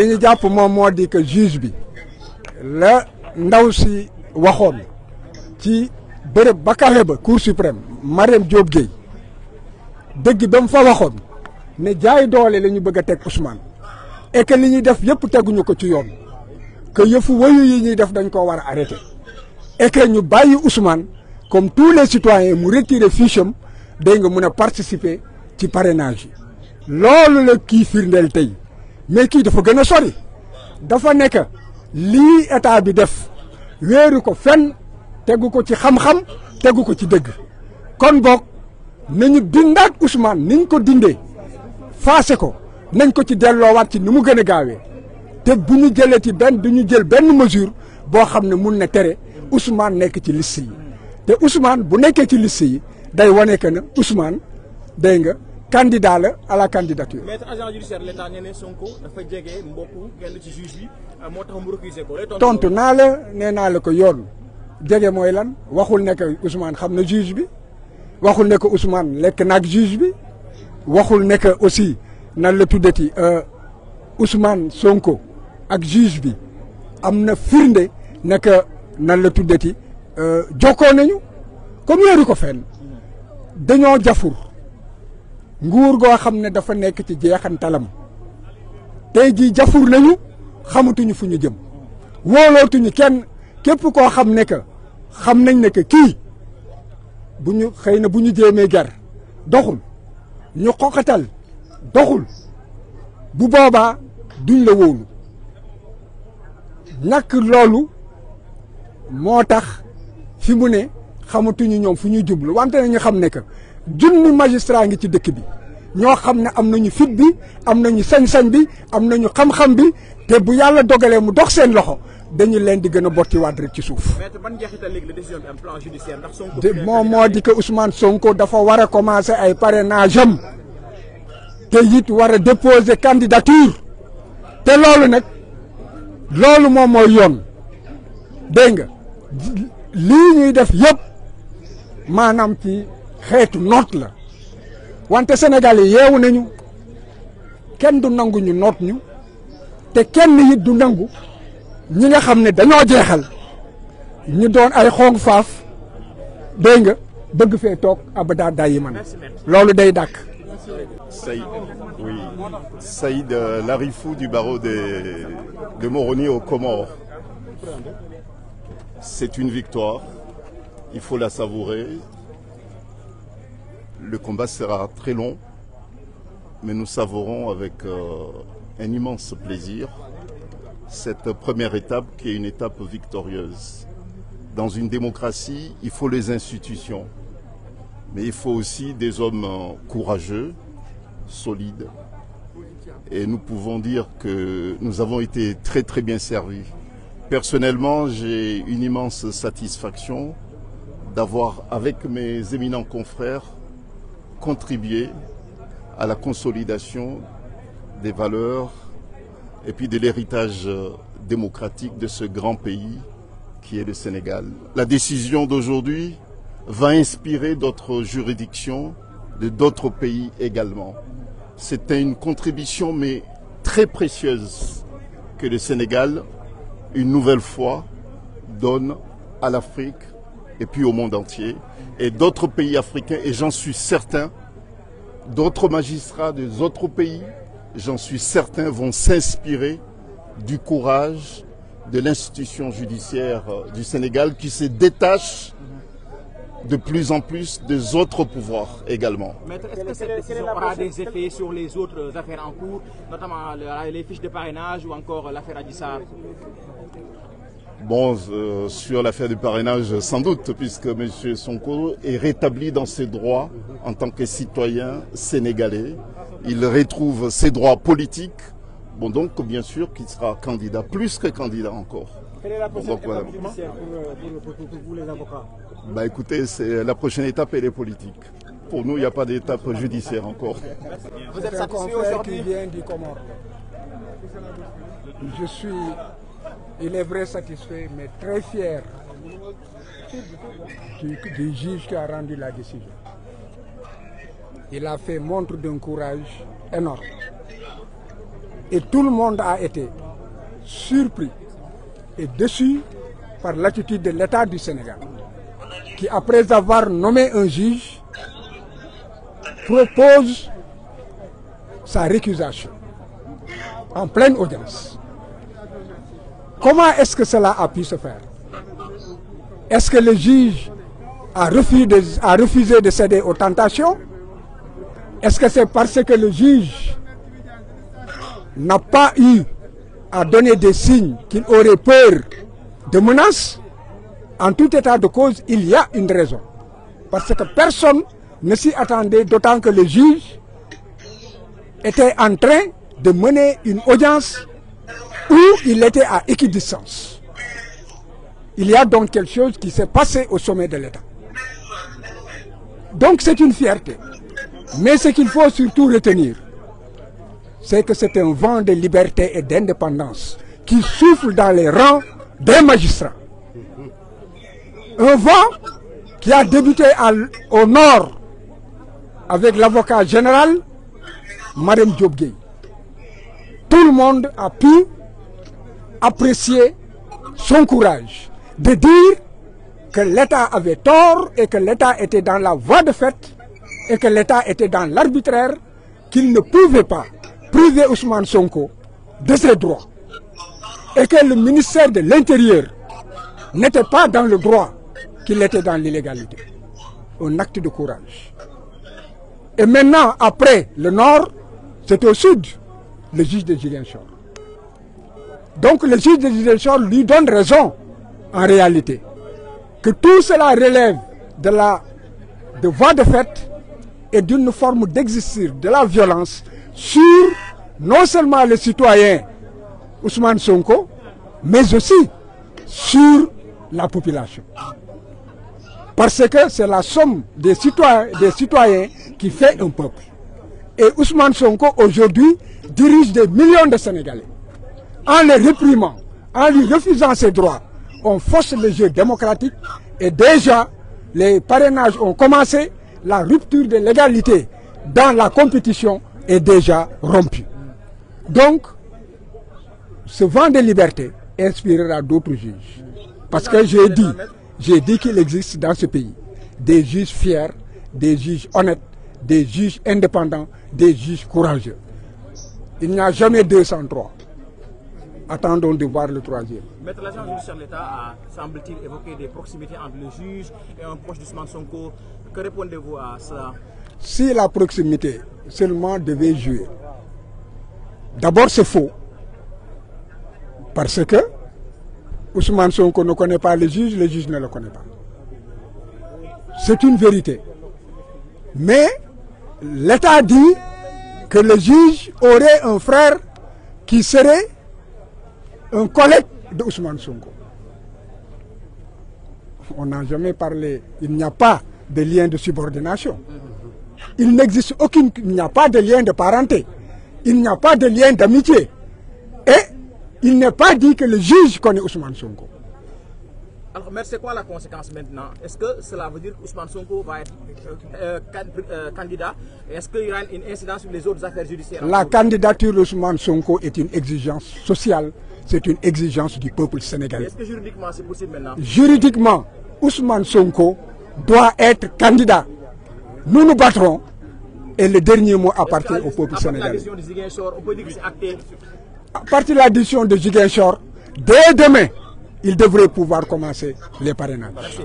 li ñu jàpp moom moo di que juge bi la ndaw si waxoon ci bërëb ba kawe ba cour suprême Marème Diop Gueye dëgg ba fa waxoon ne jaay doole la ñu bëgg a teg Ousmane et que ñuy def yëpp teguñu ko ci yoon que yëfu woyu yi ñuy def dañ ko war a arrêté et que ñu bàyyi Ousmane comme tous le citoyens mu retiré fiche am day nga mun a participer ci parrainage yi loolu la kii firndeel tey mais kii dafa gën a sori dafa nekk lii état bi def wéeru ko fenn tegu ko ci xam-xam tegu ko ci dëgg kon boog nañu dindaat Ousmane niñ ko dindee faase ko nañ ko ci delloowaat ci ni mu gën a gaawee te bu ñu jëlee ci benn du ñu jël benn mesure boo xam ne mun na tere Ousmane nekk ci liste yi te Ousmane bu nekkee ci liste yi day wane que ne Ousmane nga. candidat la à la candidature. maître agent judiciaire l'État nee na Sonko dafa jege mbokk kenn ci juge bi euh, moo tax mu recuser ko. tontu naa la nee naa ko yoon jege mooy lan waxul ne que xam na juge bi waxul ne que Ousmane lekk naag juge bi waxul ne aussi nan la tuddati euh, Ousmane Sonko ak juge bi am na firnde ne nan la tuddati euh, jokkoo nañu comme yéeru ko fenn dañoo jafur. nguur goo xam ne dafa nekk ci jeexantalam tey jii jafur nañu xamatuñu fu ñu jëm wóolootuñu kenn képp koo xam ne que xam nañ ne que kii bu ñu xëy na bu ñu jéemee ger doxul ñu xoqatal doxul bu boobaa duñ la wóolu ñàkk loolu moo tax fi mu ne xamatuñu ñoom fu ñuy jublu wante nañu xam ne que junni magistrat ngi ci dëkk bi ñoo xam ne am nañu fit bi am nañu sañ-sañ bi am nañu xam-xam bi te bu yàlla dogalee mu dox seen loxo dañu leen di gën a bottiwaat rek ci suuf. moom moo di que Ousmane Sonko dafa war a commencer ay parrainage am te it war a déposer candidature te loolu nag loolu moom mooy yoon dégg nga li ñuy def yëpp maanaam ci. xeetu noot la wante Sénégal yi yeewu nañu kenn du nangu ñu noot ñu te kenn it du nangu ñi nga xam ne dañoo jeexal ñu doon ay xong faaf dégg nga bëgg fee toog abada dayi man loolu day dàkk Saïd, oui. Saïd euh, Larifou du barreau de, Moroni aux Comores. C'est une victoire, il faut la savourer. Le combat sera très long, mais nous savourons avec euh, un immense plaisir cette première étape qui est une étape victorieuse. Dans une démocratie, il faut les institutions, mais il faut aussi des hommes euh, courageux, solides. Et nous pouvons dire que nous avons été très très bien servis. Personnellement, j'ai une immense satisfaction d'avoir, avec mes éminents confrères, contribuer à la consolidation des valeurs et puis de l'héritage euh, démocratique de ce grand pays qui est le Sénégal. La décision d'aujourd'hui va inspirer d'autres juridictions de d'autres pays également. C'était une contribution mais très précieuse que le Sénégal, une nouvelle fois, donne à l'Afrique et puis au monde entier, et d'autres pays africains, et j'en suis certain, d'autres magistrats des autres pays, j'en suis certain, vont s'inspirer du courage de l'institution judiciaire euh, du Sénégal qui se détache de plus en plus des autres pouvoirs également. Maître, est-ce que cette décision aura des effets sur les autres affaires en cours, notamment les fiches de parrainage ou encore l'affaire Adissar Bon, euh, sur l'affaire du parrainage, sans doute, puisque M. Sonko est rétabli dans ses droits en tant que citoyen sénégalais. Il retrouve ses droits politiques. Bon, donc, bien sûr qu'il sera candidat, plus que candidat encore. Quelle est la prochaine étape voilà. Euh, pour, pour, pour, vous, les avocats bah, Écoutez, c'est la prochaine étape, elle est politique. Pour nous, il n'y a pas judiciaire encore. Vous êtes satisfait aujourd'hui Je suis il est vrai satisfait, mais très fier du, du, juge qui a rendu la décision. Il a fait montre d'un courage énorme. Et tout le monde a été surpris et déçu par l'attitude de l'État du Sénégal, qui après avoir nommé un juge, propose sa récusation en pleine audience. Comment est-ce que cela a pu se faire? Est-ce que le juge a refusé de, a refusé de céder aux tentations? Est-ce que c'est parce que le juge n'a pas eu à donner des signes qu'il aurait peur de menaces? En tout état de cause, il y a une raison. Parce que personne ne s'y attendait, d'autant que le juge était en train de mener une audience où il était à équidistance. Il y a donc quelque chose qui s'est passé au sommet de l'État. Donc c'est une fierté. Mais ce qu'il faut surtout retenir, c'est que c'est un vent de liberté et d'indépendance qui souffle dans les rangs des magistrats. Un vent qui a débuté à, au nord avec l'avocat général, Madame Diop Tout le monde a pu apprécié son courage de dire que l'État avait tort et que l'État était dans la voie de fait et que l'État était dans l'arbitraire, qu'il ne pouvait pas priver Ousmane Sonko de ses droits et que le ministère de l'Intérieur n'était pas dans le droit, qu'il était dans l'illégalité. Un acte de courage. Et maintenant, après le Nord, c'est au Sud, le juge de Julien Donc le juge de direction lui donne raison, en réalité, que tout cela relève de la de voie de fait et d'une forme d'exister de la violence sur non seulement le citoyen Ousmane Sonko, mais aussi sur la population. Parce que c'est la somme des citoyens, des citoyens qui fait un peuple. Et Ousmane Sonko, aujourd'hui, dirige des millions de Sénégalais. en le réprimant, en lui refusant ses droits, on force le jeu démocratique et déjà les parrainages ont commencé, la rupture de l'égalité dans la compétition est déjà rompue. Donc, ce vent de liberté inspirera d'autres juges. Parce que j'ai dit, j'ai dit qu'il existe dans ce pays des juges fiers, des juges honnêtes, des juges indépendants, des juges courageux. Il n'y a jamais Attendons de voir le troisième. Maître, l'agent Si la proximité seulement devait jouer, d'abord c'est faux. Parce que Ousmane Sonko ne connaît pas le juge, le juge ne le connaît pas. C'est une vérité. Mais l'État dit que le juge aurait un frère qui serait un collègue de Ousmane Sonko. On n'a jamais parlé, il n'y a pas de lien de subordination. Il n'existe aucune, il n'y a pas de lien de parenté. Il n'y a pas de lien d'amitié. Et il n'est pas dit que le juge connaît Ousmane Sonko. Alors, mais c'est quoi maintenant Est-ce que cela veut dire qu'Ousmane Sonko va être euh, euh, Est-ce qu'il y aura sur les autres affaires judiciaires La candidature d'Ousmane Sonko est une exigence sociale c'est une exigence du peuple sénégalais. Est-ce que juridiquement c'est possible maintenant? Juridiquement, Ousmane Sonko doit être candidat. Nous nous battrons et le dernier mot appartient au peuple sénégalais. À partir de la décision de Ziguinchor, dès demain il devrait pouvoir commencer les parrainages.